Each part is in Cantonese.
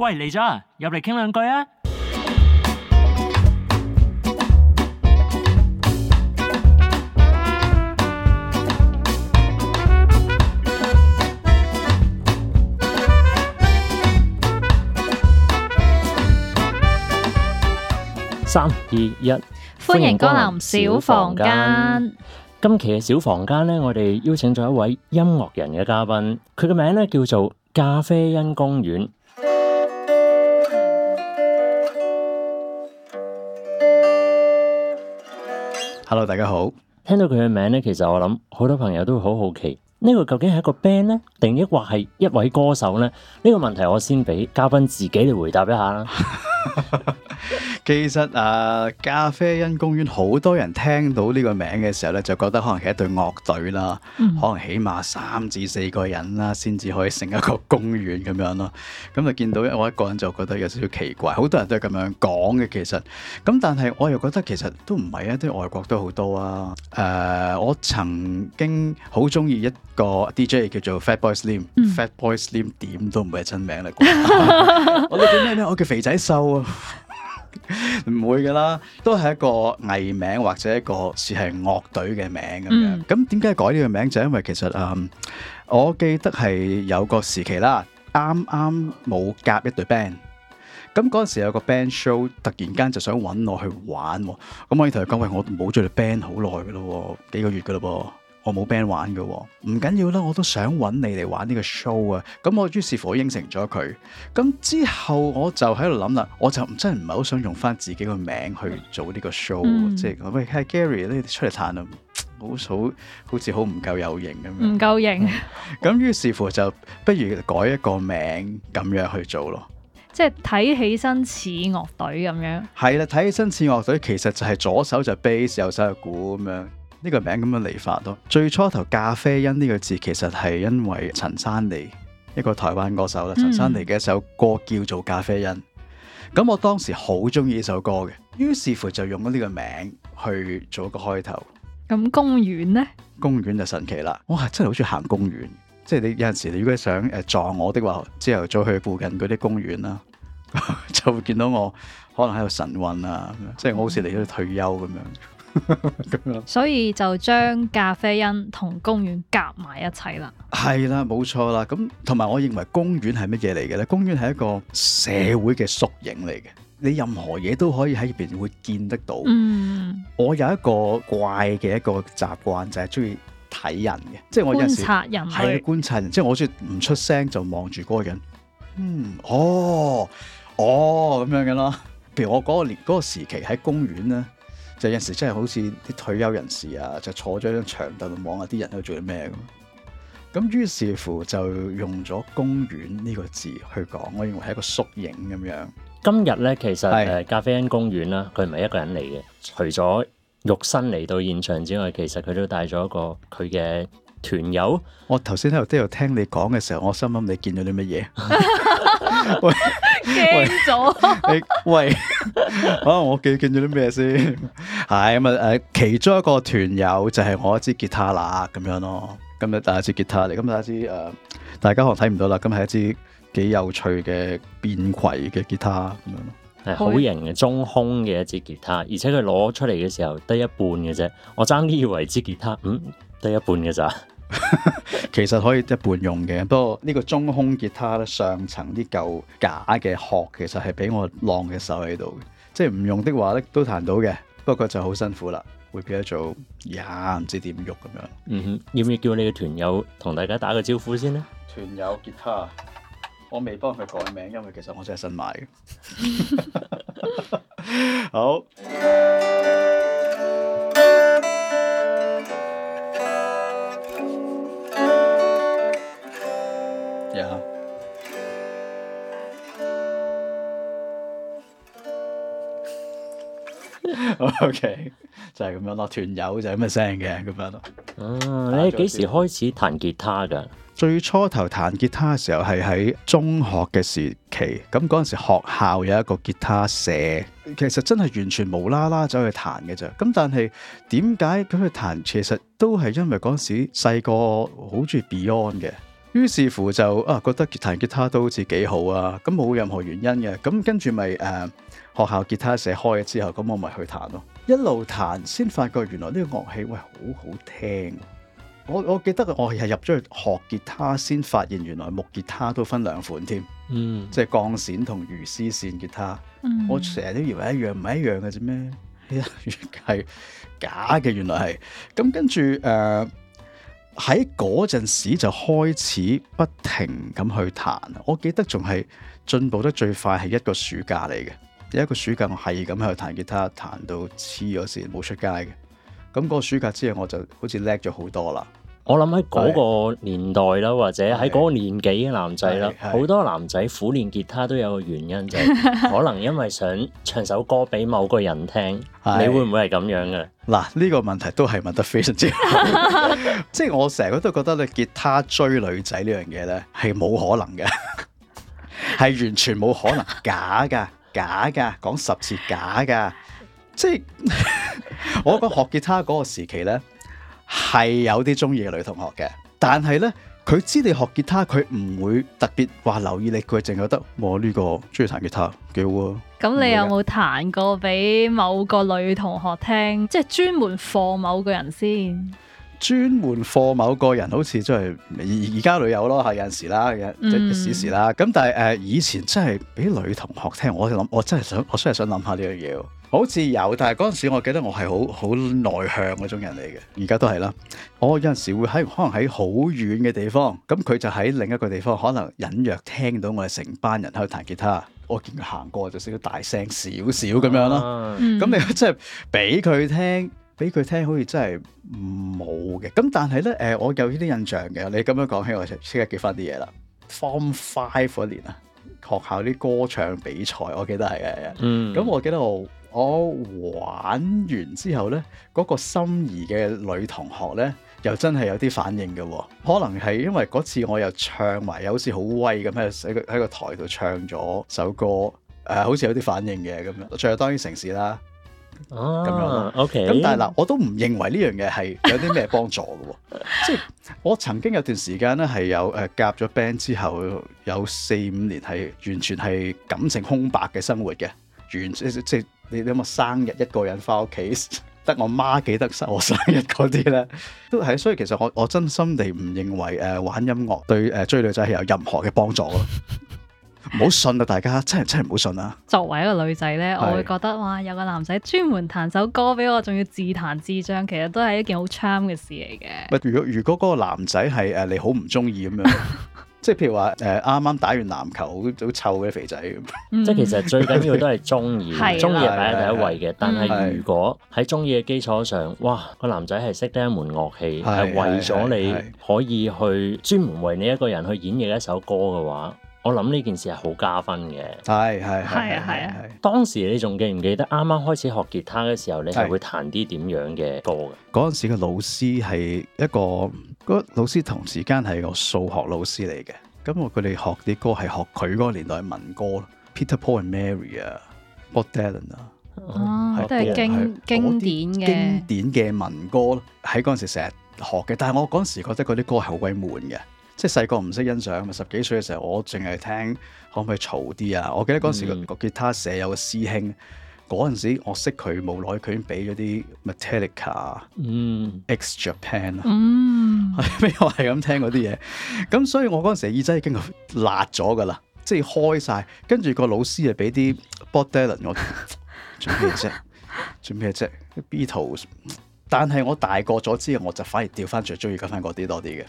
喂，嚟咗啊！入嚟傾兩句啊！三、二、一，歡迎光臨小房間。今期嘅小房間呢，我哋邀請咗一位音樂人嘅嘉賓，佢嘅名呢叫做咖啡因公園。Hello，大家好。聽到佢嘅名咧，其實我諗好多朋友都會好好奇，呢個究竟係一個 band 呢，定抑或係一位歌手呢？呢個問題我先俾嘉賓自己嚟回答一下啦。 其實啊、呃，咖啡因公園好多人聽到呢個名嘅時候咧，就覺得可能係一對樂隊啦，嗯、可能起碼三至四個人啦，先至可以成一個公園咁樣咯。咁就見到我一個人就覺得有少少奇怪，好多人都係咁樣講嘅。其實，咁但係我又覺得其實都唔係啊，啲外國都好多啊。誒、呃，我曾經好中意一個 DJ 叫做 Fat Boy Slim,、嗯、Fat Boy Slim，Fat Boy Slim 點都唔係真名嚟，我哋叫咩咩，我叫肥仔瘦啊。唔 會噶啦，都係一個藝名或者一個似係樂隊嘅名咁樣。咁點解改呢個名？就因為其實誒、嗯，我記得係有個時期啦，啱啱冇夾一隊 band。咁嗰陣時有個 band show，突然間就想搵我去玩。咁我以頭嚟講，喂，我冇做隊 band 好耐噶咯，幾個月噶咯噃。我冇 band 玩嘅，唔緊要啦，我都想揾你嚟玩呢個 show 啊！咁我於是乎我應承咗佢。咁之後我就喺度諗啦，我就真係唔係好想用翻自己個名去做呢個 show，嗯、即係喂 Gary，你出嚟彈啦，好好好似好唔夠有型咁樣。唔夠型。咁、嗯、於是乎就不如改一個名咁樣去做咯，即係睇起身似樂隊咁樣。係啦，睇起身似樂隊，其實就係左手就 bass，右手就鼓咁樣。呢個名咁樣嚟法咯。最初頭，咖啡因呢個字其實係因為陳珊妮，一個台灣歌手啦。陳珊妮嘅一首歌叫做《咖啡因》，嗯，咁我當時好中意呢首歌嘅，於是乎就用咗呢個名去做一個開頭。咁、嗯、公園呢？公園就神奇啦。哇，真係好中意行公園。即係你有陣時，你如果想誒撞我的話，之後再去附近嗰啲公園啦， 就會見到我可能喺度晨運啊，即係我好似嚟咗退休咁樣。嗯咁 這樣，所以就將咖啡因同公園夾埋一齊啦。係啦，冇錯啦。咁同埋，我認為公園係乜嘢嚟嘅咧？公園係一個社會嘅縮影嚟嘅。你任何嘢都可以喺入邊會見得到。嗯，我有一個怪嘅一個習慣，就係中意睇人嘅，人即係我有陣時係觀，觀察人，即係我好似唔出聲就望住嗰個人。嗯，哦，哦，咁、哦、樣嘅囉。譬如我嗰個年、嗰個時期喺公園咧。就有時真係好似啲退休人士啊，就坐咗張長凳度望下啲人喺度做緊咩咁。咁於是乎就用咗公園呢個字去講，我認為係一個縮影咁樣。今日咧，其實誒咖啡因公園啦，佢唔係一個人嚟嘅，除咗肉身嚟到現場之外，其實佢都帶咗一個佢嘅團友。我頭先喺度聽你講嘅時候，我心諗你見到啲乜嘢？ 驚咗，你 喂，啊，我記記咗啲咩先？係咁啊，誒，其中一個團友就係我一支吉他啦，咁樣咯。今日帶一支吉他，嚟今日帶一支誒，呃，大家可能睇唔到啦。今日一支幾有趣嘅變軌嘅吉他，咁樣咯，係好型嘅中空嘅一支吉他，而且佢攞出嚟嘅時候得一半嘅啫。我爭啲以為支吉他，嗯，得一半嘅咋。 其實可以一半用嘅，不過呢個中空吉他咧，上層啲舊假嘅殼，其實係俾我浪嘅手喺度嘅，即係唔用的話咧都彈到嘅，不過就好辛苦啦，會變咗做呀唔知點喐咁樣。嗯哼，要唔要叫你嘅團友同大家打個招呼先咧？團友吉他，我未幫佢改名，因為其實我真係新買嘅。 好。O、okay, K，就係咁樣咯，團友就係咁嘅聲嘅咁樣咯。樣啊，你幾時開始彈吉他噶？最初頭彈吉他嘅時候係喺中學嘅時期，咁嗰陣時學校有一個吉他社，其實真係完全無啦啦走去彈嘅咋。咁但係點解咁去彈？其實都係因為嗰陣時細個好中意 Beyond 嘅，於是乎就啊覺得彈吉他都好似幾好啊。咁冇任何原因嘅，咁跟住咪誒。啊學校吉他社開咗之後，咁我咪去彈咯。一路彈先發覺，原來呢個樂器喂好好聽。我我記得我係入咗去學吉他，先發現原來木吉他都分兩款添。嗯，即係鋼線同魚絲線吉他。嗯，我成日都以為一樣，唔係一樣嘅啫咩？原來係假嘅，原來係。咁跟住誒，喺嗰陣時就開始不停咁去彈。我記得仲係進步得最快係一個暑假嚟嘅。一個暑假我係咁喺度彈吉他，彈到黐咗線，冇出街嘅。咁嗰個暑假之後，我就好似叻咗好多啦。我諗喺嗰個年代啦，或者喺嗰個年紀嘅男仔啦，好多男仔苦練吉他都有個原因，就係、可能因為想唱首歌俾某個人聽。是你會唔會係咁樣嘅？嗱，呢、這個問題都係問得非常之好。 即係我成日都都覺得咧，吉他追女仔呢樣嘢咧係冇可能嘅，係 完全冇可能假噶。假噶，講十次假噶，即係 我覺得學吉他嗰個時期咧，係 有啲中意嘅女同學嘅，但係咧佢知你學吉他，佢唔會特別話留意你，佢淨係覺得我呢、這個中意彈吉他，幾好啊！咁你有冇彈過俾某個女同學聽，即係專門放某個人先？專門課某個人，好似即係而家女友咯，係有陣時啦，嘅時、嗯、時時啦。咁但係誒、呃，以前真係俾女同學聽，我諗，我真係想，我真係想諗下呢樣嘢。好似有，但係嗰陣時我記得我係好好內向嗰種人嚟嘅，而家都係啦。我有陣時會喺可能喺好遠嘅地方，咁佢就喺另一個地方，可能隱約聽到我哋成班人喺度彈吉他。我見佢行過，就識得大聲少少咁樣啦。咁、啊、你即係俾佢聽。俾佢聽好，好似真係冇嘅。咁但係咧，誒，我有呢啲印象嘅。你咁樣講起，我就即刻記翻啲嘢啦。 Form Five 嗰年啊，學校啲歌唱比賽，我記得係嘅。嗯。咁我記得我，我玩完之後咧，嗰、嗰個心儀嘅女同學咧，又真係有啲反應嘅喎。可能係因為嗰次我又唱埋，有時好威咁喺個喺個台度唱咗首歌，誒、呃，好似有啲反應嘅咁樣。最後當然城市啦。哦，咁、啊、樣 OK，咁但係嗱，我都唔認為呢樣嘢係有啲咩幫助嘅。 即係我曾經有段時間咧，係有誒夾咗 band 之後，有四五年係完全係感情空白嘅生活嘅。完即即係你諗下，我生日一個人翻屋企，得我媽記得生我生日嗰啲咧，都係。所以其實我我真心地唔認為誒、呃、玩音樂對誒、呃、追女仔係有任何嘅幫助嘅。 唔好信啊，大家真係真係唔好信啊。作為一個女仔呢，是我會覺得哇，有個男仔專門彈首歌俾我，仲要自彈自唱，其實都係一件好 charm 嘅事嚟嘅。如果如果嗰個男仔係誒你好唔中意咁樣， 即係譬如話誒啱啱打完籃球好臭嘅肥仔，咁即係其實最緊要都係中意，中意係擺喺第一位嘅。的但係如果喺中意嘅基礎上，哇個男仔係識得一門樂器，係為咗你可以去專門為你一個人去演繹一首歌嘅話。我諗呢件事係好加分嘅，係係係啊係啊！當時你仲記唔記得啱啱開始學吉他嘅時候你，你係會彈啲點樣嘅歌嘅？嗰陣時個老師係一個，嗰老師同時間係個數學老師嚟嘅。咁我佢哋學啲歌係學佢嗰個年代民歌，Peter Paul and Mary 啊 Bob Dylan 啊、哦，是都係經是經典嘅經典嘅民歌咯。喺嗰陣時成日學嘅，但係我嗰陣時覺得嗰啲歌係好鬼悶嘅。即係細個唔識欣賞，咪十幾歲嘅時候，我淨係聽可唔可以嘈啲啊？我記得嗰時個吉他社有個師兄，嗰陣、嗯、時我識佢，無耐佢已經俾咗啲 Metallica、嗯、嗯 X Japan，嗯，咩又係咁聽嗰啲嘢？咁所以我嗰時耳仔已經辣咗噶啦，即係開晒，跟住個老師又俾啲 Bob Dylan，我做咩啫？做咩啫？Beatles，但係我大個咗之後，我就反而調翻轉，中意翻嗰啲多啲嘅。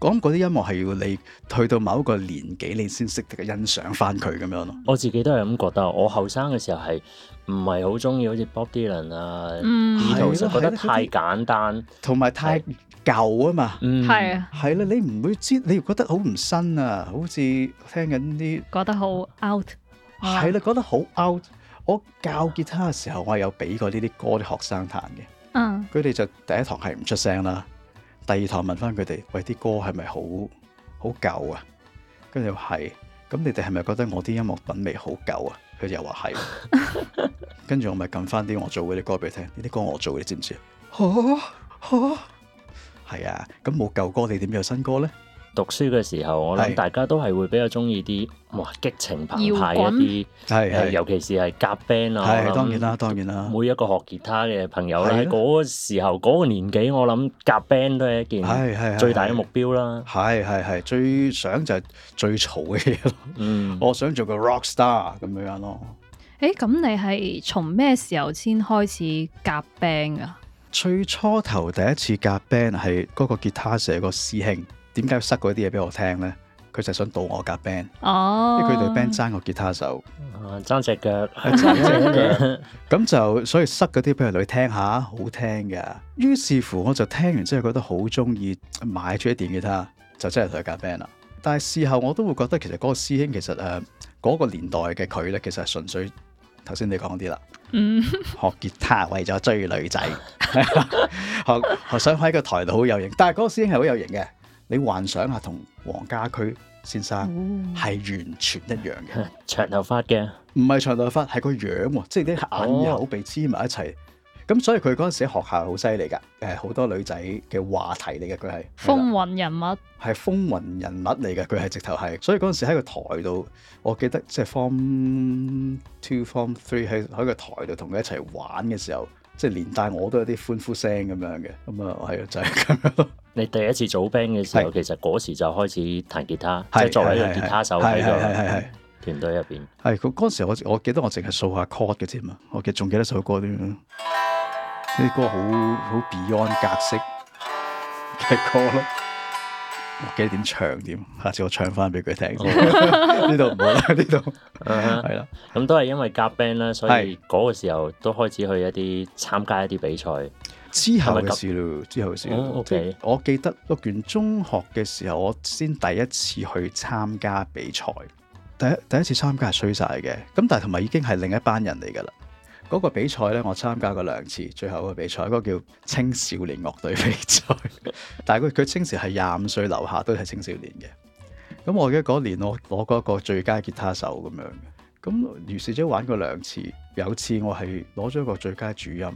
講嗰啲音樂係要你去到某一個年紀，你先識得欣賞翻佢咁樣咯。我自己都係咁覺得，我後生嘅時候係唔係好中意，好似 Bob Dylan 啊，嗯，係咯度的，覺得太簡單，同埋太舊啊嘛，係啊、嗯，係啦，你唔會知，你覺得好唔新啊，好似聽緊啲，覺得好 out，係啦，覺得好 out。我教吉他嘅時候，我係有俾過呢啲歌啲學生彈嘅，嗯，佢哋就第一堂係唔出聲啦。第二堂問翻佢哋，喂、哎、啲歌係咪好好舊啊？跟住又係，咁你哋係咪覺得我啲音樂品味好舊啊？佢又話係，跟住 我咪撳翻啲我做嗰啲歌俾佢聽，呢啲歌我做嘅，你知唔知 啊？嚇嚇，係啊，咁冇舊歌你點有新歌呢？讀書嘅時候，我諗大家都係會比較中意啲哇激情澎湃一啲，係係，尤其是係夾 band 啊。係當然啦，當然啦。每一個學吉他嘅朋友喺嗰個時候嗰個年紀，我諗夾 band 都係一件係係最大嘅目標啦。係係係最想就係最嘈嘅嘢咯。嗯，我想做個 rock star 咁樣咯。誒，咁你係從咩時候先開始夾 band 啊？最初頭第一次夾 band 係嗰個吉他社個師兄。點解要塞嗰啲嘢俾我聽咧？佢就係想導我夾 band。哦，因佢哋 band 爭個吉他手，爭隻腳，爭隻腳。咁著 就所以塞嗰啲俾佢女聽下，好聽嘅。於是乎，我就聽完之後覺得好中意，買咗一電吉他，就真係同佢夾 band 啦。但係事後我都會覺得，其實嗰個師兄其實誒，嗰、呃嗰個年代嘅佢咧，其實係純粹頭先你講啲啦，mm. 學吉他為咗追女仔，學 學想喺個台度好有型。但係嗰個師兄係好有型嘅。你幻想下同黃家駒先生係完全一樣嘅，長頭髮嘅，唔係長頭髮，係個樣喎，即係啲眼耳、哦、口鼻黐埋一齊，咁所以佢嗰陣時學校好犀利㗎，誒好多女仔嘅話題嚟嘅，佢係風雲人物，係風雲人物嚟嘅，佢係直頭係，所以嗰陣時喺個台度，我記得即係 form two form three 喺喺個台度同佢一齊玩嘅時候，即係連帶我都有啲歡呼聲咁樣嘅，咁啊，係啊，就係咁樣。 你第一次組 band 嘅時候，的其實嗰時就開始彈吉他，即係的作為一個吉他手喺度。係係係係團隊入邊。係，佢嗰時我我記得我淨係數下 chord 嘅啫嘛。我其實仲記得首歌啲，呢啲歌好好 Beyond 格式嘅歌咯。記得點唱點，下次我唱翻俾佢聽。呢度唔好啦，呢度係啦。咁都係因為夾 band 啦，所以嗰個時候都開始去一啲參加一啲比賽。是之後嘅事咯，嗯、之後嘅事。哦、o、okay、K，我記得讀完中學嘅時候，我先第一次去參加比賽。第一第一次參加係衰晒嘅，咁但係同埋已經係另一班人嚟噶啦嗰個比賽咧，我參加過兩次，最後個比賽嗰、嗰個叫青少年樂隊比賽， 但係佢佢當時係廿五歲樓下都係青少年嘅。咁我記得嗰年我攞過一個最佳吉他手咁樣嘅。咁如是者玩過兩次，有次我係攞咗一個最佳主音，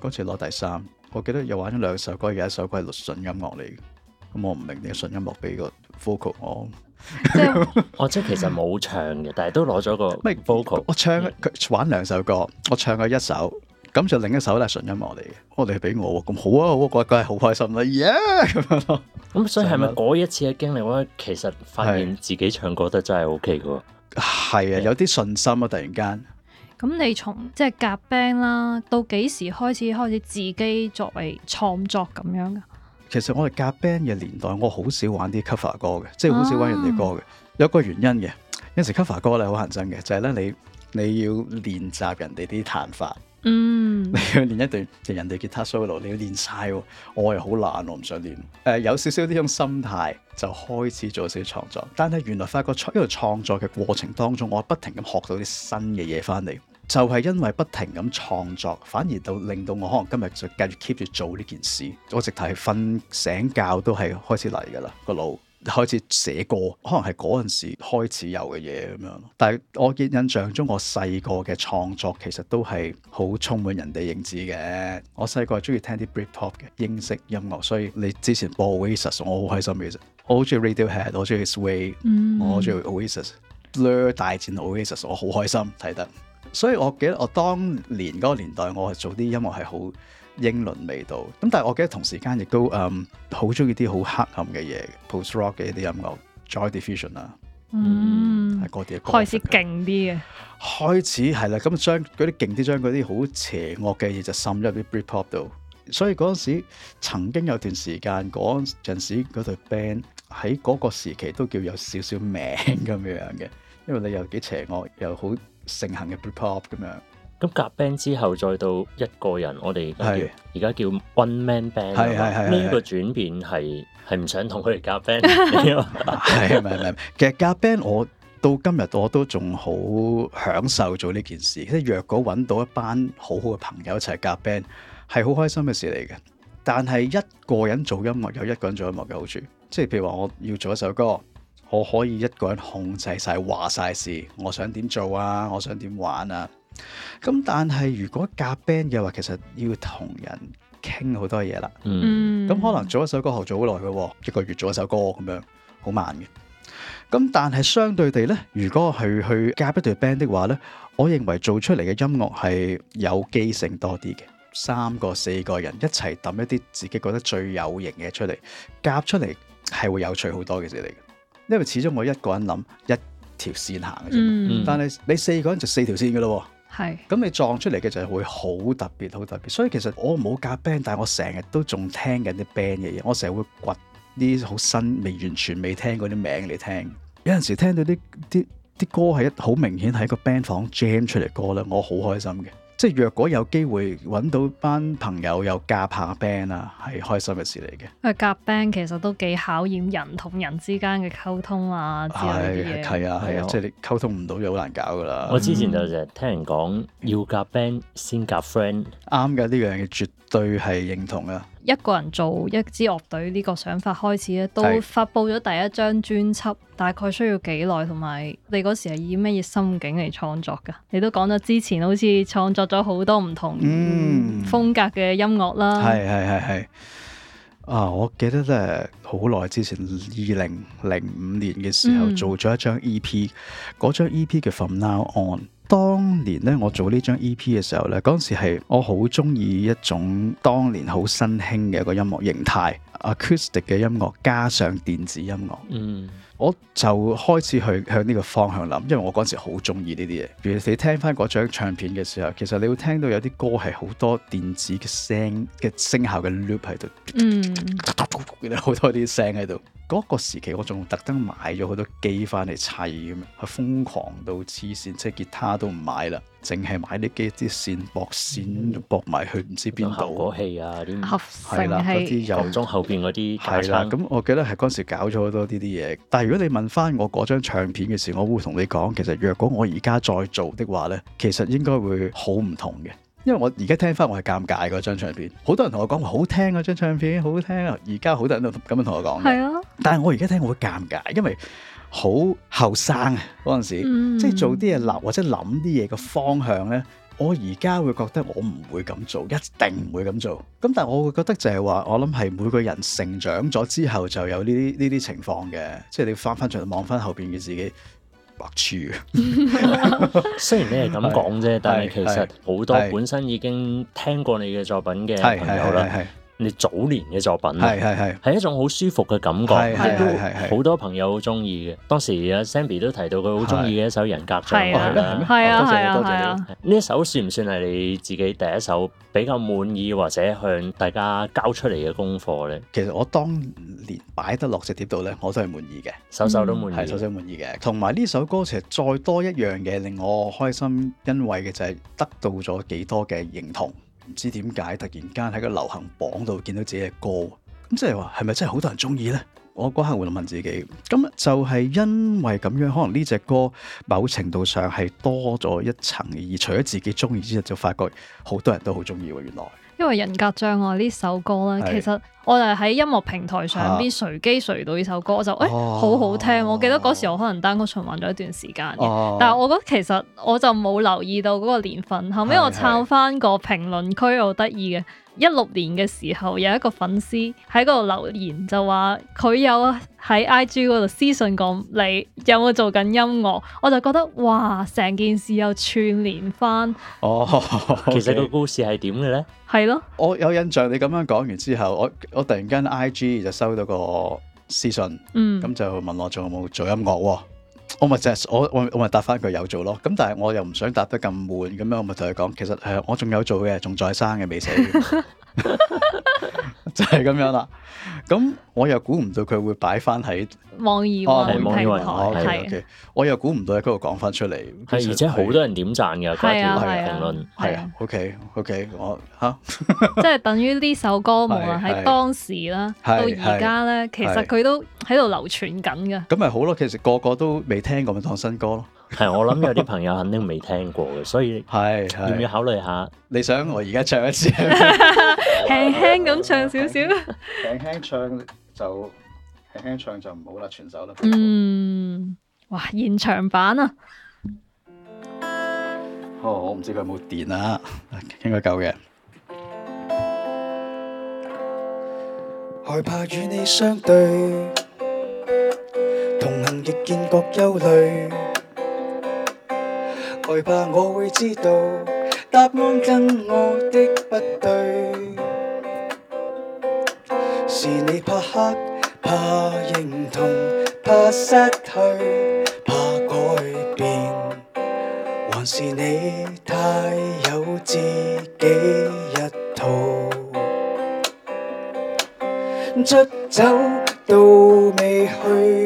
嗰次攞第三。我記得又玩咗兩首歌，有一首歌係純音樂嚟嘅。咁我唔明點解純音樂俾個 vocal 我。我即係其實冇唱嘅，但係都攞咗個咩 vocal。我唱佢 Yeah. 玩兩首歌，我唱咗一首，咁就另一首咧純音樂嚟嘅。我哋係俾我，咁好啊，我覺得梗係好開心啦 yeah 咁樣。咁所以係咪嗰一次嘅經歷，我其實發現自己唱歌得真係 O K 噶？係啊的，Yeah. 有啲信心啊，突然間。咁你從即係夾 band 啦，到幾時開始開始自己作為創作咁樣噶？其實我哋夾 band 嘅年代，我好少玩啲 cover 歌嘅，即係好少玩人哋歌嘅。啊、有一個原因嘅，有時 cover 歌咧好難憎嘅，就係、是、咧你你要練習人哋啲彈法，嗯，你要練、嗯、一,一段，就人哋吉他 solo，你要練晒，我又好懶，我唔想練。誒，有少少呢種心態就開始做少少創作，但係原來發覺出呢個創作嘅過程當中，我不停咁學到啲新嘅嘢翻嚟。就係因為不停咁創作，反而到令到我可能今日就繼續 keep 住做呢件事。我直頭係瞓醒覺都係開始嚟噶啦，個腦開始寫歌，可能係嗰陣時開始有嘅嘢咁樣。但係我嘅印象中，我細個嘅創作其實都係好充滿人哋影子嘅。我細個係中意聽啲 Britpop 嘅英式音樂，所以你之前播 Oasis，我好開心其實。我好中意 Radiohead，我中意 Suede，我中意 Oasis，Blur 大戰 Oasis，我好開心睇得。所以我記得我當年嗰個年代，我係做啲音樂係好英倫味道。咁但係我記得同時間亦都、um, Post 啊、嗯，好中意啲好黑暗嘅嘢，post rock 嘅一啲音樂，Joy Division 啦，係嗰啲開始勁啲嘅，開始係啦。咁將嗰啲勁啲，將嗰啲好邪惡嘅嘢就滲入啲 Britpop 度。所以嗰陣時曾經有段時間，嗰陣時嗰隊 band 喺嗰個時期都叫有少少名咁樣嘅，因為你又幾邪惡，又好。盛行嘅 blues pop 咁樣，咁夾 band 之後再到一個人，我哋叫而家是叫 one man band 啊嘛，呢一個轉變係唔想同佢哋夾 band 嚟咯，係唔係？其實夾 band 我到今日我都仲好享受做呢件事，即係若果揾到一班好好嘅朋友一齊夾 band 係好開心嘅事嚟嘅，但係一個人做音樂有一個人做音樂嘅好處，即係譬如話我要做一首歌。我可以一個人控制晒話晒事，我想點做啊？我想點玩啊？咁但係如果夾 band 嘅話，其實要同人傾好多嘢啦。咁、mm. 可能做一首歌後做好耐嘅，一個月做一首歌咁樣好慢嘅。咁但係相對地呢，如果去去夾一條 band 嘅話呢，我認為做出嚟嘅音樂係有機性多啲嘅。三個四個人一齊揼一啲自己覺得最有型嘅出嚟夾出嚟係會有趣好多嘅事嚟嘅。因為始終我一個人諗一條線行嘅啫，嗯、但係你四個人就四條線嘅咯喎，咁是你撞出嚟嘅就係會好特別，好特別，所以其實我冇夾 band，但係我成日都仲聽緊啲 band 嘅嘢，我成日會掘啲好新未完全未聽過啲名嚟聽，有陣時聽到啲啲啲歌係一好明顯係個 band 房 jam 出嚟歌啦，我好開心嘅。即係若果有機會揾到班朋友又夾下 band 啊，係開心嘅事嚟嘅。夾 band 其實都幾考驗人同人之間嘅溝通啊，之類嘅嘢。係啊係啊，哦、即係你溝通唔到就好難搞㗎啦。我之前就就聽人講要夾 band、嗯、先夾 friend，啱㗎呢樣嘢絕對。對，係認同噶。一個人做一支樂隊呢個想法開始咧，都發佈咗第一張專輯，大概需要幾耐？同埋你嗰時係以咩嘢心境嚟創作噶你都講咗之前好似創作咗好多唔同風格嘅音樂啦。係係係係。啊，我記得咧，好耐之前二零零五年嘅時候、嗯、做咗一張 EP，嗰張 EP 嘅 From Now On。當年咧，我做呢張 E.P. 嘅時候咧，嗰時係我好中意一種當年好新興嘅一個音樂形態，Acoustic 嘅音樂加上電子音樂。嗯。我就開始去向呢個方向諗，因為我嗰陣時好中意呢啲嘢。譬如你聽翻嗰張唱片嘅時候，其實你會聽到有啲歌係好多電子嘅聲嘅聲效嘅 loop 喺度，嗯，好多啲聲喺度。嗰個時期我仲特登買咗好多機翻嚟砌咁樣，係瘋狂到黐線，即係吉他都唔買啦。淨係買啲機啲線，駁線駁埋去唔知邊度啊！啲效果器啊，啲合成器、後邊嗰啲，係啦。咁我記得係嗰時搞咗好多呢啲嘢。但係如果你問翻我嗰張唱片嘅事，我會同你講，其實若果我而家再做的話咧，其實應該會好唔同嘅，因為我而家聽翻我係尷尬嗰張，張唱片。好多人同我講話好聽嗰張唱片，好好聽啊！而家好多人都咁樣同我講。係啊，但係我而家聽我會尷尬，因為，好後生啊！嗰陣時，嗯、即係做啲嘢諗，或者諗啲嘢嘅方向呢。我而家會覺得我唔會咁做，一定唔會咁做。咁但係我會覺得就係話，我諗係每個人成長咗之後，就有呢啲呢啲情況嘅。即係你要翻翻轉頭望翻後邊嘅自己，白痴。雖然你係咁講啫，是但係其實好多本身已經聽過你嘅作品嘅朋友啦。你早年嘅作品係係係係一種好舒服嘅感覺，都好多朋友好中意嘅。當時阿 Sammy 都提到佢好中意嘅一首人格嘅歌啦，啊，多謝你，多謝你。呢一首算唔算係你自己第一首比較滿意或者向大家交出嚟嘅功課咧？其實我當年擺得落隻碟度咧，我都係滿意嘅，首首都滿意，首首都滿意嘅。同埋呢首歌其實再多一樣嘢令我開心，因為嘅就係得到咗幾多嘅認同。唔知點解突然間喺個流行榜度見到自己嘅歌，咁即係話係咪真係好多人中意呢？我嗰刻會問自己，咁就係因為咁樣，可能呢隻歌某程度上係多咗一層，而除咗自己中意之外，就發覺好多人都好中意喎，原來。因為《人格障礙》呢首歌咧，是其實我就喺音樂平台上邊隨機隨到呢首歌，啊、我就誒好、欸、好聽。啊、我記得嗰時候我可能單曲循環咗一段時間、啊、但係我覺得其實我就冇留意到嗰個年份。後尾我撐返個評論區好得意嘅。是一六年嘅時候，有一個粉絲喺嗰度留言，就話佢有喺 IG 嗰度私信講你有冇做緊音樂？我就覺得哇，成件事又串連翻。哦，oh, okay. 其實個故事係點嘅呢？係咯的，我有印象。你咁樣講完之後，我我突然間 IG 就收到個私信，咁、mm. 就問我仲有冇做音樂喎、哦。我咪就我我我咪答翻句有做咯，咁但係我又唔想答得咁悶，咁樣我咪同佢講，其實係我仲有做嘅，仲在生嘅未死。完。 就係咁樣啦，咁我又估唔到佢會擺翻喺網易雲平台，我又估唔到喺嗰度講翻出嚟，而且好多人點贊嘅，加咗好多評論，係啊，OK OK，我嚇，即係等於呢首歌無論喺當時啦，到而家咧，其實佢都喺度流傳緊嘅，咁咪好咯，其實個個都未聽過咪當新歌咯。係， 我諗有啲朋友肯定未聽過嘅，所以係要唔要考慮下？你想我而家唱一次，輕輕咁唱少少 輕輕唱，輕輕唱就輕輕唱就唔好啦，全首啦。嗯，哇，現場版啊！哦，我唔知佢有冇電啊，應該夠嘅。害怕與你相對，同行亦見覺憂慮。害怕我會知道答案跟我的不對，是你怕黑、怕認同、怕失去、怕改變，還是你太有自己一套？出走到未去。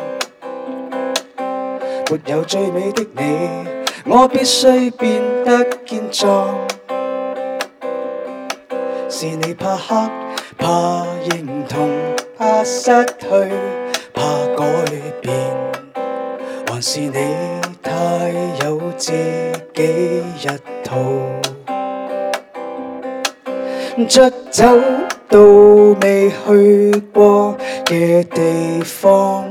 沒有最美的你，我必須變得堅壯。是你怕黑，怕認同，怕失去，怕改變，還是你太有自己一套？出走到未去過嘅地方。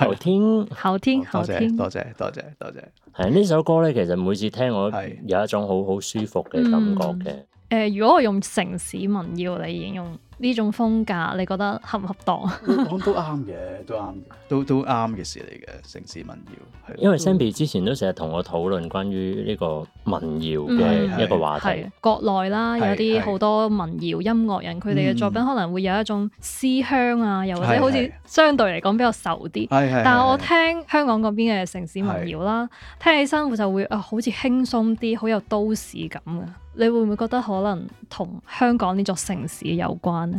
後天， 後天，後天謝，多謝，多謝，多謝，多謝，係呢首歌咧，其實每次聽我係有一種好好是舒服嘅感覺嘅。誒、嗯呃，如果我用城市民謠，你已經用，呢種風格，你覺得合唔合當？講都啱嘅，都啱嘅，都都啱嘅事嚟嘅城市民謠。因為 Sammy 之前都成日同我討論關於呢個民謠嘅一個話題。嗯、國內啦，有啲好多民謠音樂人，佢哋嘅作品可能會有一種思鄉啊，又或者好似相對嚟講比較愁啲。的但係我聽香港嗰邊嘅城市民謠啦，的聽起身就會啊，好似輕鬆啲，好有都市感啊。你會唔會覺得可能同香港呢座城市有關呢？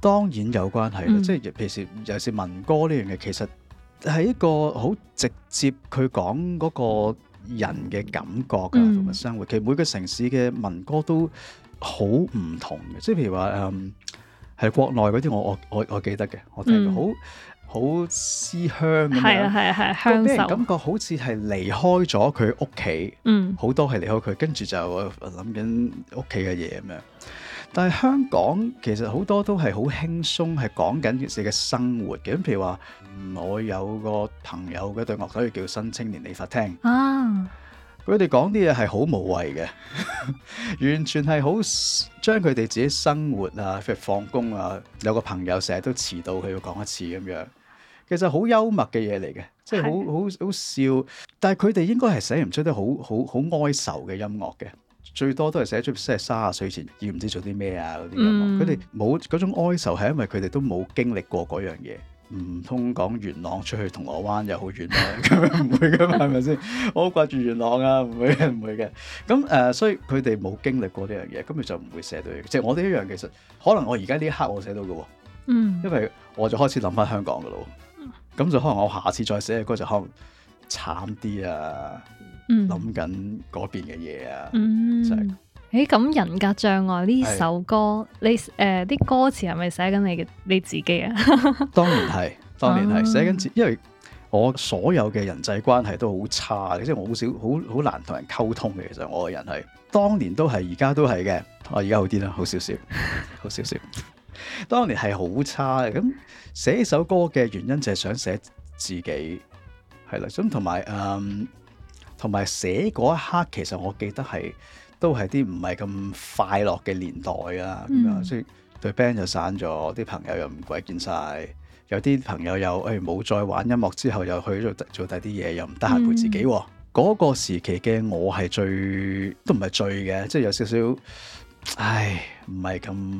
當然有關係啦，嗯、即係尤其是民歌呢樣嘢，其實係一個好直接佢講嗰個人嘅感覺啊，同埋生活。嗯、其實每個城市嘅民歌都好唔同嘅，即係譬如話係國內嗰啲我我我我記得嘅，我聽到好好思鄉咁樣，係啊係啊係，嗰啲感覺好似係離開咗佢屋企，嗯，好多係離開佢，跟住就諗緊屋企嘅嘢咁樣。但係香港其實好多都係好輕鬆，係講緊自己嘅生活嘅。咁譬如話，我有個朋友嘅對樂隊叫新青年理髮廳啊。佢哋講啲嘢係好無謂嘅， 完全係好將佢哋自己生活啊，譬如放工啊，有個朋友成日都遲到，佢要講一次咁樣。其實好幽默嘅嘢嚟嘅，即係好好好笑。但係佢哋應該係寫唔出啲好好好哀愁嘅音樂嘅，最多都係寫出即卅歲前要唔知做啲咩啊嗰啲咁。佢哋冇嗰種哀愁係因為佢哋都冇經歷過嗰樣嘢。唔通講元朗出去銅鑼灣又好遠咩？咁樣唔會噶嘛，係咪先？我好掛住元朗啊，唔會嘅，唔會嘅。咁誒，uh，所以佢哋冇經歷過呢樣嘢，咁咪就唔會寫到即係我哋一樣，其實可能我而家呢一刻我寫到嘅喎，嗯，因為我就開始諗翻香港嘅咯，咁就可能我下次再寫嘅歌就可能慘啲啊，諗緊嗰邊嘅嘢啊，嗯、就係。誒，咁、欸、人格障礙呢首歌，是你誒啲、呃、歌詞係咪寫緊你嘅你自己啊？ 當然係，當然係寫緊自己，因為我所有嘅人際關係都好差嘅，即係我好少好好難同人溝通嘅。其實我個人係當年都係，而家都係嘅。我而家好啲啦，好少少，好少少。當年係好差嘅，咁寫呢首歌嘅原因就係想寫自己，係啦。咁同埋誒，同埋寫嗰一刻，其實我記得係。都係啲唔係咁快樂嘅年代啊，咁啊、嗯，即係、就是、對 band 就散咗，啲朋友又唔鬼見晒，有啲朋友又誒冇、哎、再玩音樂之後又去咗做第啲嘢，又唔得閒陪自己。嗰、嗯、個時期嘅我係最都唔係最嘅，即、就、係、是、有少少，唉，唔係咁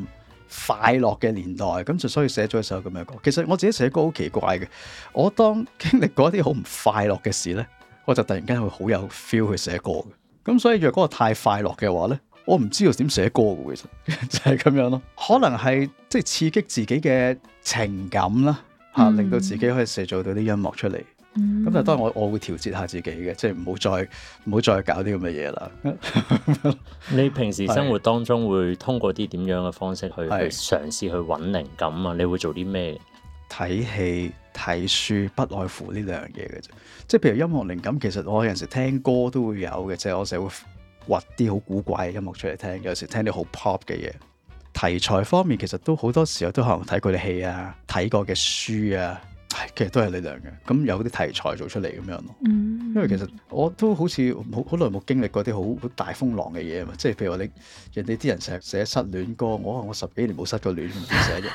快樂嘅年代。咁就所以寫咗一首咁樣歌。其實我自己寫歌好奇怪嘅，我當經歷過一啲好唔快樂嘅事咧，我就突然間會好有 feel 去寫歌嘅。咁所以若果我太快樂嘅話咧，我唔知道點寫歌噶，其實就係、是、咁樣咯。可能係即係刺激自己嘅情感啦，吓、嗯啊、令到自己可以寫做到啲音樂出嚟。咁、嗯、但係當然我我會調節下自己嘅，即係唔好再唔好再搞啲咁嘅嘢啦。 你平時生活當中會通過啲點樣嘅方式去是是去嘗試去搵靈感啊？你會做啲咩？睇戲。睇書不外乎呢兩樣嘢嘅啫，即係譬如音樂靈感，其實我有陣時聽歌都會有嘅，即係我成日會畫啲好古怪嘅音樂出嚟聽，有時聽啲好 pop 嘅嘢。題材方面其實都好多時候都可能睇過啲戲啊，睇過嘅書啊，其實都係呢兩樣嘅，咁有啲題材做出嚟咁樣咯。嗯、因為其實我都好似好好耐冇經歷過啲好好大風浪嘅嘢啊嘛，即係譬如話你，你人哋啲人成日寫失戀歌，我我十幾年冇失過戀，點寫？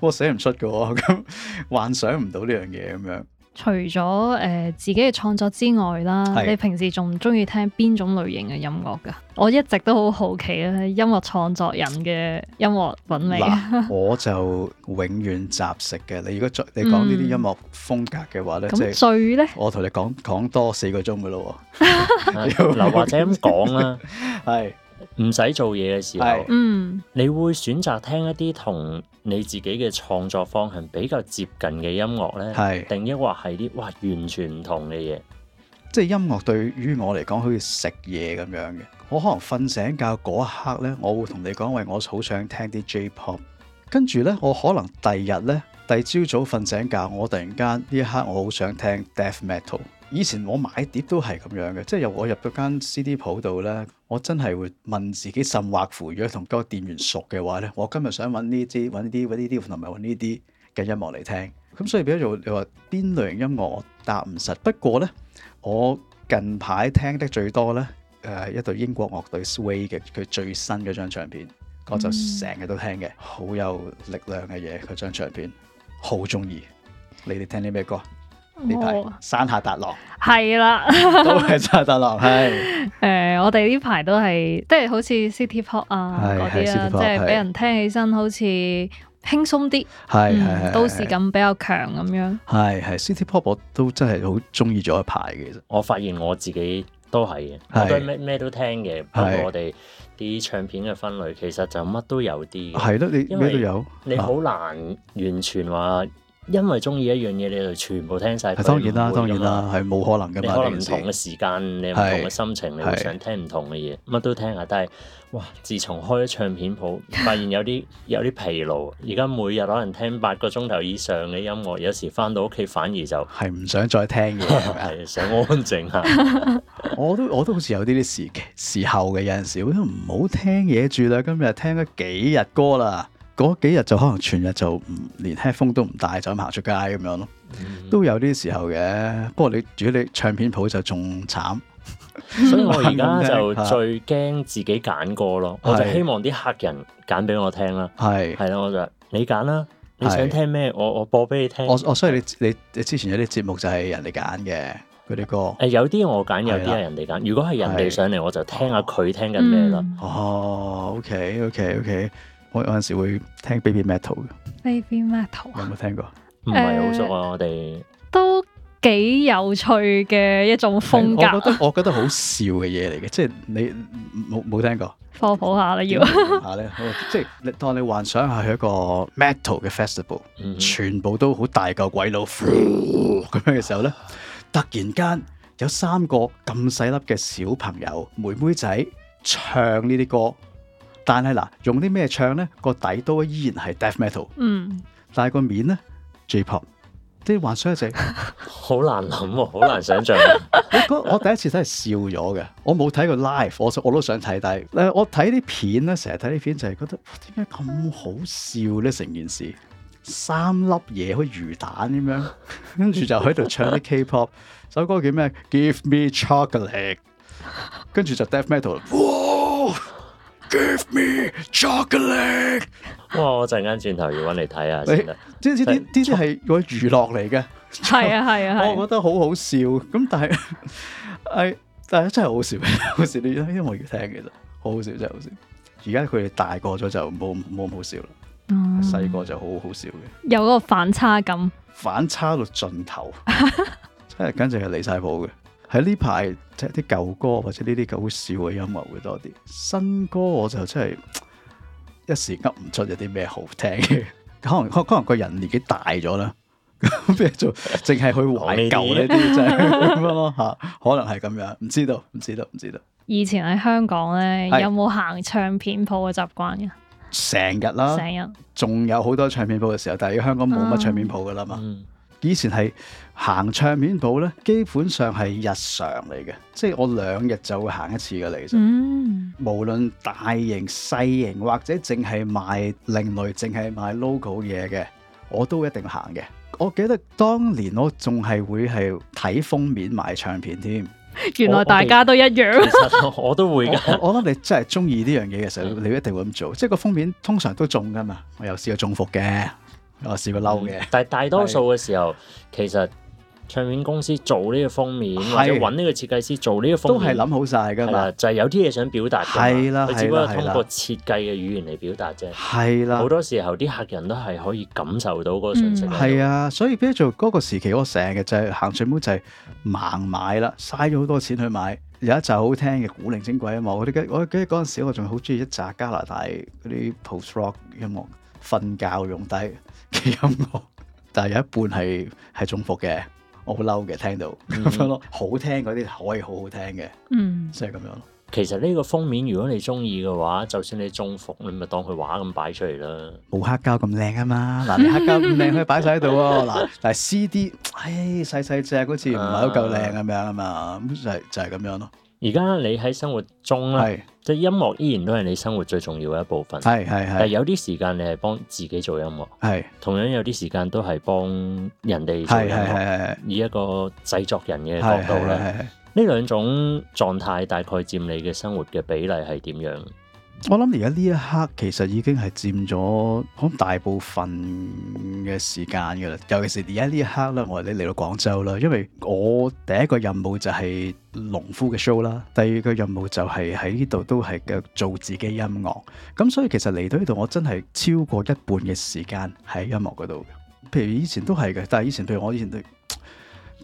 我寫唔出噶，咁 幻想唔到呢樣嘢咁樣。除咗誒、uh, 自己嘅創作之外啦，是你平時仲中意聽邊種類型嘅音樂噶？ 我一直都好好奇咧，音樂創作人嘅音樂品味。我就永遠雜食嘅。你如果再你講呢啲音樂風格嘅話咧，咁最碎咧。即係嗯、我同你講講多四個鐘噶咯，要劉華姐咁講啦，係。 唔使做嘢嘅時候，嗯是，你會選擇聽一啲同你自己嘅創作方向比較接近嘅音樂呢係，定抑或係啲哇完全唔同嘅嘢？即係音樂對於我嚟講，好似食嘢咁樣嘅。我可能瞓醒覺嗰一刻呢，我會同你講，喂，我好想聽啲 J-pop。跟住呢，我可能第日呢，第朝早瞓醒覺，我突然間呢一刻，我好想聽 death metal。以前我買碟都係咁樣嘅，即係由我入咗間 CD 鋪度咧，我真係會問自己，甚或乎，如果同嗰個店員熟嘅話咧，我今日想揾呢啲、揾呢啲、揾呢啲，同埋揾呢啲嘅音樂嚟聽。咁所以俾佢做你話邊類型音樂，我答唔實。不過咧，我近排聽得最多咧，誒，一隊英國樂隊 Sway 嘅佢最新嗰張唱片，我就成日都聽嘅，好有力量嘅嘢。佢張唱片好中意。你哋聽啲咩歌？呢排山下達郎係啦，都山下達郎係。誒，我哋呢排都係，即係好似 City Pop 啊，嗰啲啊，即係俾人聽起身好似輕鬆啲，係都市感比較強咁樣。係，係 City Pop 我都真係好中意咗一排嘅。其實我發現我自己都係嘅，我覺得咩咩都聽嘅。不過我哋啲唱片嘅分類其實就乜都有啲。係咯，你咩都有，你好難完全話。因為中意一樣嘢，你就全部聽晒。係當然啦，當然啦，係冇可能嘅。可能唔同嘅時間，你唔同嘅心情，你想聽唔同嘅嘢，乜都聽下，但係，哇！自從開咗唱片鋪，發現有啲有啲疲勞。而家每日可能聽八個鐘頭以上嘅音樂，有時翻到屋企反而就係唔想再聽嘢，係想安靜下。我都我都好似有啲啲時時候嘅，有陣時我唔好聽嘢住啦，今日聽咗幾日歌啦。嗰幾日就可能全日就連 headphone 都唔帶，就咁行出街咁樣咯，嗯、都有啲時候嘅。不過你如果你唱片鋪就仲慘， 所以我而家就最驚自己揀歌咯。啊、我就希望啲客人揀俾我聽啦。係係咯，我就你揀啦，你想聽咩是？我我播俾你聽。我我、哦、所以你你，你之前有啲節目就係人哋揀嘅嗰啲歌。誒、呃，有啲我揀，有啲係人哋揀。的的如果係人哋上嚟的，我就聽下佢聽緊咩啦。哦、嗯 oh,，OK OK OK, okay.。我有陣時會聽 Baby Metal 嘅。Baby Metal 有冇聽過？唔係好熟啊，我哋都幾有趣嘅一種風格。嗯、我覺得我覺得好笑嘅嘢嚟嘅，即、就、係、是、你冇冇、嗯、聽過科普下啦要。下 咧，即係、就是、當你幻想一下佢一個 Metal 嘅 Festival，、嗯、哼全部都好大嚿鬼佬咁樣嘅時候咧，突然間有三個咁細粒嘅小朋友妹妹仔唱呢啲歌。但係嗱，用啲咩唱咧？個底都依然係 death metal。嗯。但係個面咧，J-pop。啲幻想成，pop, 好難諗、啊，好難想象、啊。 我第一次睇係笑咗嘅，我冇睇過 live，我我都想睇，但係我睇啲片咧，成日睇啲片就係覺得點解咁好笑咧？成件事三粒嘢好似魚蛋咁樣， 跟住就喺度唱啲 K-pop，首歌叫咩？Give me chocolate，跟住就 death metal。 Give me chocolate！哇、哦，我陣間轉頭要搵你睇下先啦。即係啲啲啲係如果娛樂嚟嘅，係 就啊係啊係。我覺得好好笑。咁、啊啊、但係係、哎、但係真係好笑嘅，好笑啲，因為我要聽其實好好笑，真係好笑。而家佢哋大個咗就冇冇咁好笑啦。細個、嗯、就好好笑嘅，有嗰個反差感，反差到盡頭， 真係簡直係離晒譜嘅。喺呢排即係啲舊歌或者呢啲好笑嘅音樂會多啲，新歌我就真係一時噏唔出有啲咩好聽嘅，可能可能個人年紀大咗啦，咁咩做淨係去懷舊呢啲就咁咯嚇，這些 可能係咁樣，唔知道唔知道唔知道。知道知道以前喺香港咧是有冇行唱片鋪嘅習慣嘅？成日啦，成日，仲日有好多唱片鋪嘅時候，但係香港冇乜唱片鋪噶啦嘛。嗯以前係行唱片鋪咧，基本上係日常嚟嘅，即係我兩日就會行一次嘅嚟啫。嗯、無論大型、細型或者淨係賣另類、淨係賣 logo 嘢嘅，我都一定行嘅。我記得當年我仲係會係睇封面買唱片添。原來大家都一樣，其實我都會嘅。我，我覺得你真係中意呢樣嘢嘅時候，你一定會咁做。即係個封面通常都中噶嘛，我有試過中伏嘅。我試過嬲嘅、嗯，但係大多數嘅時候，是其實唱片公司做呢個封面，是或者揾呢個設計師做呢個封面，都係諗好晒㗎嘛。就係、是、有啲嘢想表達㗎嘛，佢的只不過通過設計嘅語言嚟表達啫。係啦的，好的多時候啲客人都係可以感受到嗰個信息。係啊、嗯，所以 Billboard 嗰個時期，我成日就係、是、行唱片就係盲買啦，嘥咗好多錢去買。有一扎好聽嘅古靈精鬼。啊嘛，我記我記得嗰陣時，我仲好中意一紮加拿大嗰啲 post rock 音樂瞓覺用低。嘅音樂，但係有一半係係中伏嘅，我好嬲嘅，聽到咁樣咯。嗯、 好聽嗰啲可以好好聽嘅，嗯，就係咁樣。其實呢個封面如果你中意嘅話，就算你中伏，你咪當佢畫咁擺出嚟、啊、啦。冇黑膠咁靚啊嘛，嗱，你黑膠咁靚可以擺晒喺度啊，嗱、就是，但係 C D，唉，細細隻好似唔係好夠靚咁樣啊嘛，咁就係就係咁樣咯。而家你喺生活中咧，即係是音樂依然都係你生活最重要嘅一部分。係係係。但係有啲時間你係幫自己做音樂，係是同樣有啲時間都係幫人哋做音樂。以一個製作人嘅角度咧，呢兩種狀態大概占你嘅生活嘅比例係點樣？我諗而家呢一刻其實已經係佔咗好大部分嘅時間噶啦，尤其是而家呢一刻咧，我哋嚟到廣州啦，因為我第一個任務就係農夫嘅 show 啦，第二個任務就係喺呢度都係嘅做自己音樂。咁所以其實嚟到呢度，我真係超過一半嘅時間喺音樂嗰度。譬如以前都係嘅，但係以前譬如我以前都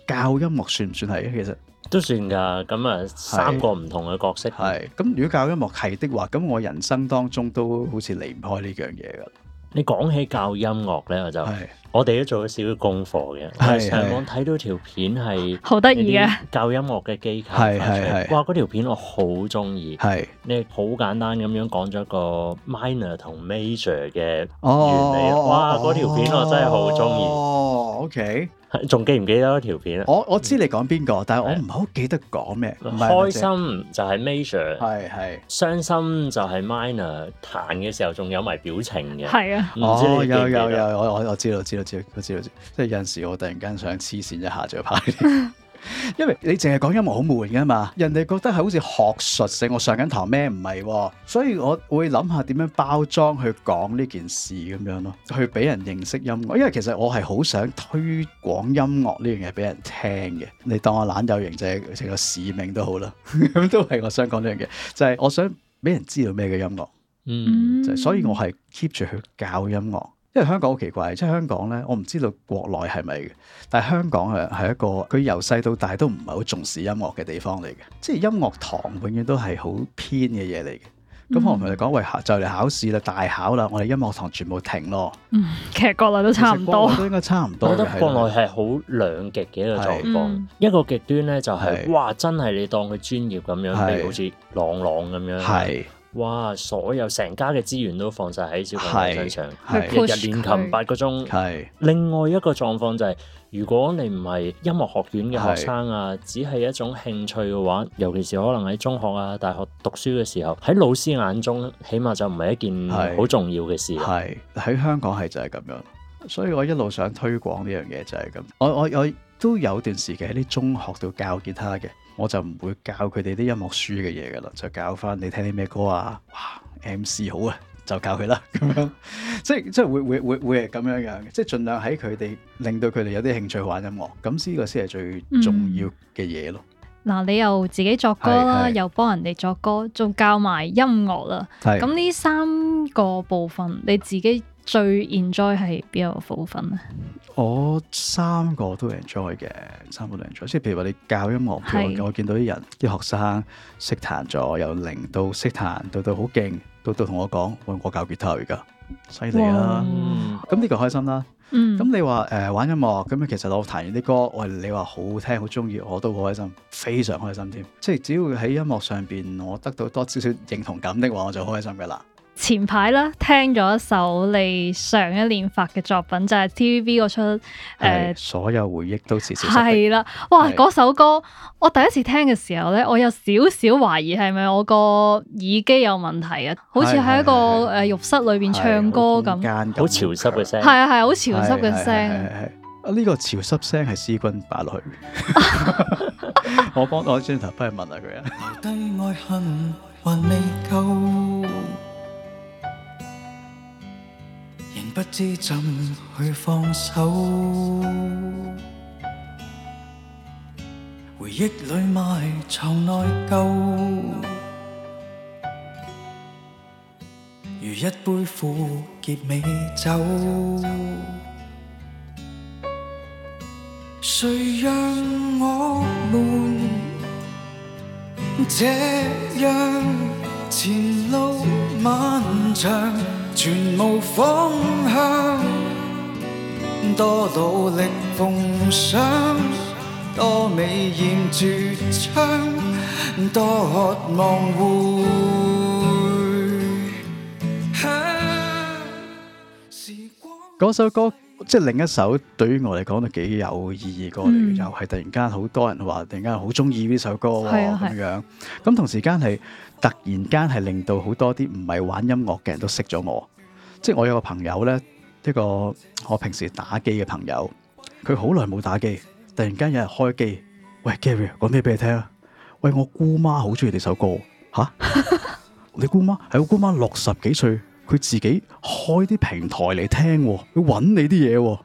教音樂，算唔算係？其實。都算噶，咁啊三個唔同嘅角色。係咁，如果教音樂係的話，咁我人生當中都好似離唔開呢樣嘢噶。你講起教音樂咧，我就係我哋都做咗少少功課嘅。係，上網睇到條片係好得意嘅教音樂嘅機構，係係係。哇！嗰條片我好中意。係，你好簡單咁樣講咗個 minor 同 major 嘅原理。哦、哇！嗰、哦、條片我真係好中意。哦 OK。仲記唔記得嗰條片啊？我我知你講邊個，但係我唔係好記得講咩。哎、唔係，開心就係 major，係係。傷心就係 minor，彈嘅時候仲有埋表情嘅。係啊。記記哦，有有有，我我我知道知道知道我知道，即係有陣時我突然間想黐線一下就拍 因為你淨係講音樂好悶噶嘛，人哋覺得係好似學術性，我上緊堂咩？唔係，所以我會諗下點樣包裝去講呢件事咁樣咯，去俾人認識音樂。因為其實我係好想推廣音樂呢樣嘢俾人聽嘅，你當我懶有型就成個使命好 都好啦，咁都係我想講呢樣嘢，就係我想俾人知道咩嘅音樂，mm. 嗯，就係所以我係 keep 住去教音樂。因為香港好奇怪，即係香港咧，我唔知道國內係咪，但係香港係係一個佢由細到大都唔係好重視音樂嘅地方嚟嘅，即係音樂堂永遠都係好偏嘅嘢嚟嘅。咁、嗯、我同你講，喂就嚟考試啦，大考啦，我哋音樂堂全部停咯。嗯，其實國內都差唔多，都應該差唔多。我覺得國內係好兩極嘅一個地方，是嗯、一個極端咧就係、是，是哇！真係你當佢專業咁樣，譬如是是好似郎朗咁樣。係。哇！所有成家嘅資源都放晒喺小朋友身上，日日練琴八個鐘。另外一個狀況就係、係，如果你唔係音樂學院嘅學生啊，只係一種興趣嘅話，係，尤其是可能喺中學啊、大學讀書嘅時候，喺老師眼中，起碼就唔係一件好重要嘅事。係喺香港係就係咁樣，所以我一路想推廣呢樣嘢就係咁。我我我。我都有段時期喺啲中學度教吉他嘅，我就唔會教佢哋啲音樂書嘅嘢噶啦，就教翻你聽啲咩歌啊，哇 MC 好啊，就教佢啦咁樣，即係即係會會會會係咁樣嘅，即係盡量喺佢哋令到佢哋有啲興趣玩音樂，咁呢個先係最重要嘅嘢咯。嗱、嗯，你又自己作歌啦，又幫人哋作歌，仲教埋音樂啦，咁呢三個部分你自己。最 enjoy 係邊個部分咧？我三個都 enjoy 嘅，三個都 enjoy。即係譬如話你教音樂，譬如是我見到啲人、啲是學生識彈咗，由零到識彈，到到好勁，到到同我講：喂，我教吉他而家犀利啦！咁呢哇個開心啦。咁、嗯、你話誒、呃、玩音樂，咁其實我彈完啲歌，喂，你話好聽好中意，我都好開心，非常開心添。即係只要喺音樂上邊我得到多少少認同感的話，我就開心嘅啦。前排啦，聽咗一首你上一年發嘅作品，就係、是、TVB 嗰出誒、呃《所有回憶都是潮濕的》。係啦，哇！嗰的首歌我第一次聽嘅時候咧，我有少少懷疑係咪我個耳機有問題啊？好似喺一個誒浴室裏邊唱歌咁，好潮濕嘅聲。係啊係，好潮濕嘅聲。呢個潮濕聲係思君擺落去。我幫我轉頭翻去問下佢啊。 不知怎去放手，回憶裏埋藏內疚，如一杯苦澀美酒。誰讓我們這樣前路漫長？全無方向，多努力奉上，多美艷絕唱，多渴望回。嗰首歌即係另一首，對於我嚟講都幾有意義。個又係突然間好多人話，突然間好中意呢首歌咁樣。咁同時間係。突然間係令到好多啲唔係玩音樂嘅人都識咗我，即係我有個朋友咧，一個我平時打機嘅朋友，佢好耐冇打機，突然間有人開機，喂 Gary 講咩俾你聽啊？喂我姑媽好中意呢首歌嚇， 你姑媽係我姑媽六十幾歲，佢自己開啲平台嚟聽，佢揾你啲嘢喎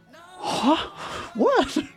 嚇，what？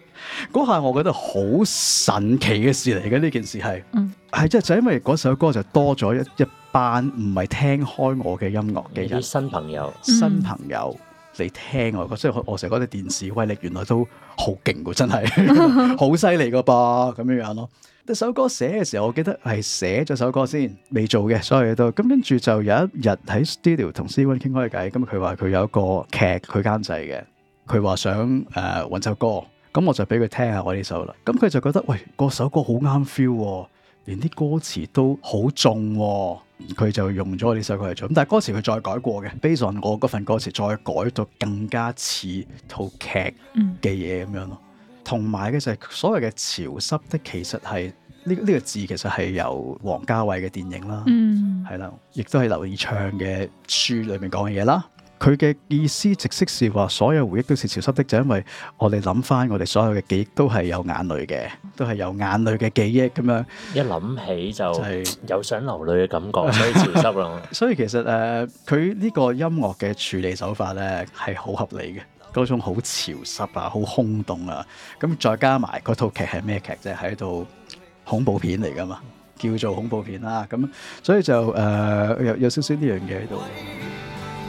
嗰下我覺得好神奇嘅事嚟嘅，呢件事係，係即係就因為嗰首歌就多咗一一班唔係聽開我嘅音樂嘅人，新朋友，嗯、新朋友你聽我歌，即係我成日覺得電視威力原來都好勁，真係好犀利噶噃，咁 樣樣咯。呢 首歌寫嘅時候，我記得係寫咗首歌先未做嘅，所以都咁跟住就有一日喺 studio 同 C 君傾開偈，咁佢話佢有一個劇佢監製嘅，佢話想誒搵、呃、首歌。咁我就俾佢聽下我呢首啦，咁佢就覺得喂首歌好啱 feel，連啲歌詞都好重、哦，佢就用咗我呢首歌嚟做。咁但係歌詞佢再改過嘅 Based on 我嗰份歌詞再改到更加似套劇嘅嘢咁樣咯。同埋嘅就係所謂嘅潮濕的，其實係呢呢個字其實係由王家衛嘅電影啦，係、嗯、啦，亦都係劉以鬯嘅書裏面講嘅嘢啦。佢嘅意思即係是話，所有回憶都是潮濕的，就因為我哋諗翻我哋所有嘅記憶都係有眼淚嘅，都係有眼淚嘅記憶咁樣。一諗起就係有想流淚嘅感覺，所以潮濕咯。所以其實誒，佢呢個音樂嘅處理手法咧係好合理嘅，嗰種好潮濕啊，好空洞啊，咁再加埋嗰套劇係咩劇啫？就係喺度恐怖片嚟噶嘛，叫做恐怖片啦。咁所以就誒有有少少呢樣嘢喺度。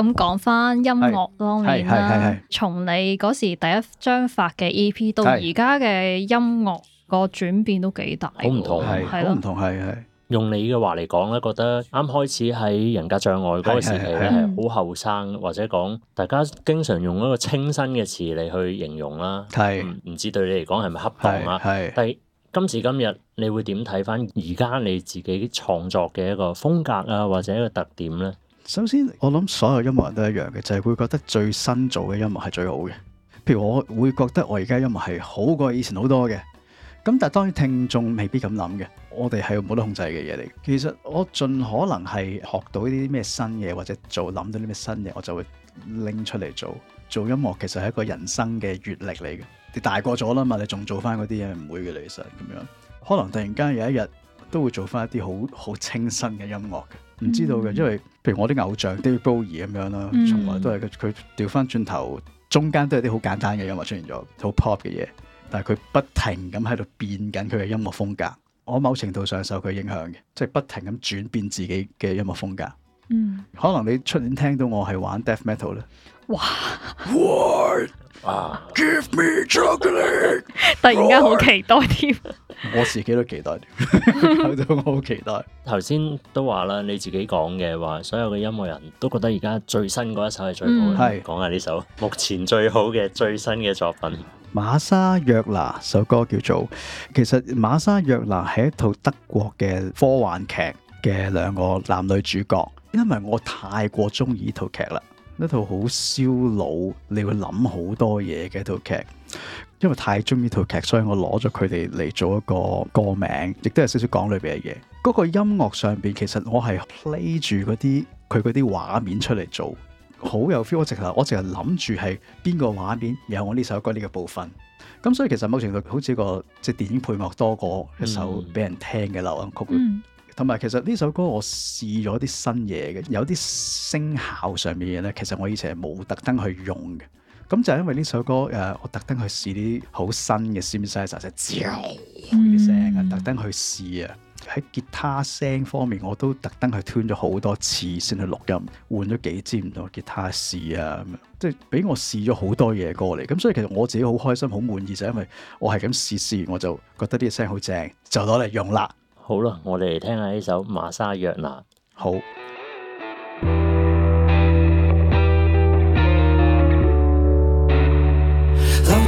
咁講翻音樂方面啦，從你嗰時第一張發嘅 EP 到而家嘅音樂個轉變都幾大，好唔是的同，係咯，唔同係係。用你嘅話嚟講咧，覺得啱開始喺人格障礙嗰個時期咧，係好後生，嗯、或者講大家經常用一個清新嘅詞嚟去形容啦。係唔是知對你嚟講係咪恰當啊？但係今時今日，你會點睇翻而家你自己創作嘅一個風格啊，或者一個特點咧？首先，我諗所有音樂人都一樣嘅，就係會覺得最新做嘅音樂係最好嘅。譬如我會覺得我而家音樂係好過以前好多嘅。咁但係當然聽眾未必咁諗嘅。我哋係冇得控制嘅嘢嚟。其實我盡可能係學到啲咩新嘢，或者做諗到啲咩新嘢，我就會拎出嚟做。做音樂其實係一個人生嘅閱歷嚟嘅。你大個咗啦嘛，你仲做翻嗰啲嘢唔會嘅。其實咁樣，可能突然間有一日都會做翻一啲好好清新嘅音樂嘅。唔知道嘅，因為譬如我啲偶像 David Bowie 咁樣啦，從來都係佢佢調翻轉頭，中間都係啲好簡單嘅音樂出現咗，好 pop 嘅嘢。但係佢不停咁喺度變緊佢嘅音樂風格。我某程度上受佢影響嘅，即係不停咁轉變自己嘅音樂風格。嗯、mm，hmm。可能你出年聽到我係玩 death metal 咧。哇！What？啊！Give me chocolate！突然間好期待添。 我自己都期待， 我就好期待。頭先都話啦，你自己講嘅話，所有嘅音樂人都覺得而家最新嗰一首係最好嘅，係、嗯、講下呢首 目前最好嘅最新嘅作品《瑪莎約拿》首歌叫做，其實《瑪莎約拿》係一套德國嘅科幻劇嘅兩個男女主角，因為我太過中意呢套劇啦，呢套好燒腦，你會諗好多嘢嘅一套劇。因為太中意套劇，所以我攞咗佢哋嚟做一個歌名，亦都係少少講裏邊嘅嘢。嗰、嗰個音樂上邊其實我係 play 住啲佢啲畫面出嚟做，好有 feel。我直頭我直頭諗住係邊個畫面有我呢首歌呢個部分。咁所以其實某程度好似個即係電影配樂多過一首俾人聽嘅流行曲。同埋、嗯、其實呢首歌我試咗啲新嘢嘅，有啲聲效上面嘅咧，其實我以前係冇特登去用嘅。咁就係因為呢首歌，誒，我特登去試啲好新嘅 s i m u l i z e 就啾啲聲啊，特登去試啊。喺、mm hmm. 吉他聲方面，我都特登去 tune 咗好多次先去錄音，換咗幾支唔同嘅吉他試啊。即係俾我試咗好多嘢過嚟。咁、嗯、所以其實我自己好開心、好滿意，就係、因為我係咁試試完，我就覺得呢個聲好正，就攞嚟用啦。好啦，我哋嚟聽下呢首《瑪莎約拿》。好。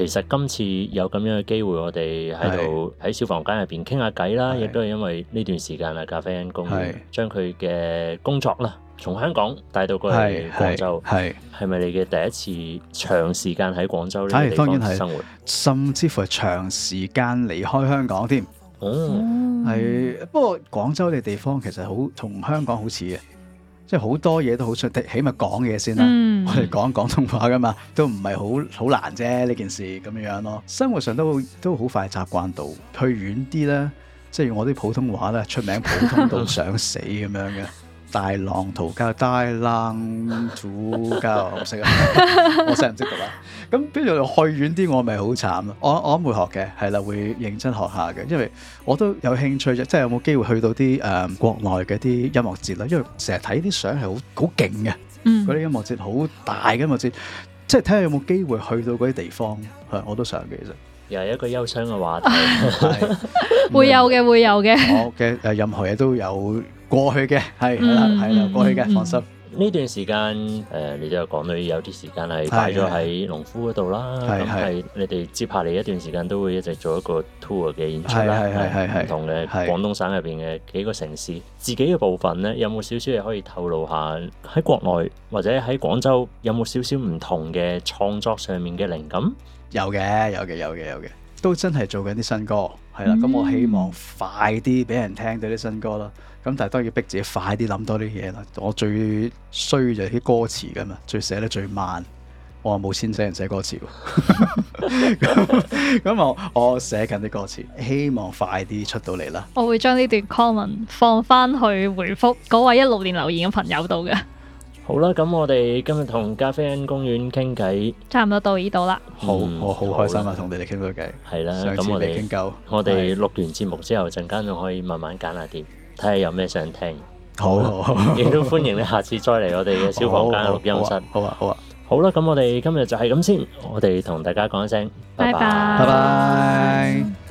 其實今次有咁樣嘅機會，我哋喺度喺小房間入邊傾下偈啦，亦是都係因為呢段時間啊，咖啡因公園將佢嘅工作啦，從香港帶到過去廣州，係係咪你嘅第一次長時間喺廣州呢個地方生活，甚至乎係長時間離開香港添？哦、嗯，係，不過廣州嘅地方其實好同香港好似嘅。即係好多嘢都好想，起碼講嘢先啦。嗯、我哋講廣東話噶嘛，都唔係好好難啫。呢件事咁樣咯，生活上都都好快習慣到。去遠啲咧，即係我啲普通話咧，出名普通到想死咁樣嘅。 大浪淘膠，大浪淘膠，我識啊！ 我識唔識讀啊？咁、 嗯、比如去遠啲，我咪好慘咯！我我會學嘅，係啦，會認真學下嘅，因為我都有興趣即係、就是、有冇機會去到啲誒、嗯、國內嘅啲音樂節咧？因為成日睇啲相係好好勁嘅，嗰啲音樂節好大嘅音樂節，即係睇下有冇機會去到嗰啲地方係，我都想嘅其實。又係一個憂傷嘅話題， 會有嘅，會有嘅。我嘅任何嘢都有。過去嘅，係係啦係啦，過去嘅放心。呢段時間誒，你都有講到，有啲時間係擺咗喺農夫嗰度啦。咁係你哋接下嚟一段時間都會一直做一個 tour 嘅演出啦，係係係係，唔同嘅廣東省入邊嘅幾個城市。自己嘅部分咧，有冇少少嘢可以透露下？喺國內或者喺廣州有冇少少唔同嘅創作上面嘅靈感？有嘅有嘅有嘅有嘅，都真係做緊啲新歌。係啦，咁、嗯、我希望快啲俾人聽到啲新歌啦。咁但係當然要逼自己快啲諗多啲嘢啦。我最衰就係啲歌詞噶嘛，最寫得最慢。我話冇錢寫人寫歌詞，咁 咁 我我寫緊啲歌詞，希望快啲出到嚟啦。 我會將呢段 comment 放翻去回覆嗰位一路年留言嘅朋友度嘅。好啦，咁我哋今日同咖啡因公園傾偈，差唔多到呢度啦。好，我好開心啊，同你哋傾到偈。係啦，上次未傾夠，我哋錄完節目之後，陣間仲可以慢慢揀下碟，睇下有咩想聽。好，亦都歡迎你下次再嚟我哋嘅小房間錄音室。好啊，好啊。好啦，咁我哋今日就係咁先，我哋同大家講一聲，拜拜，拜拜。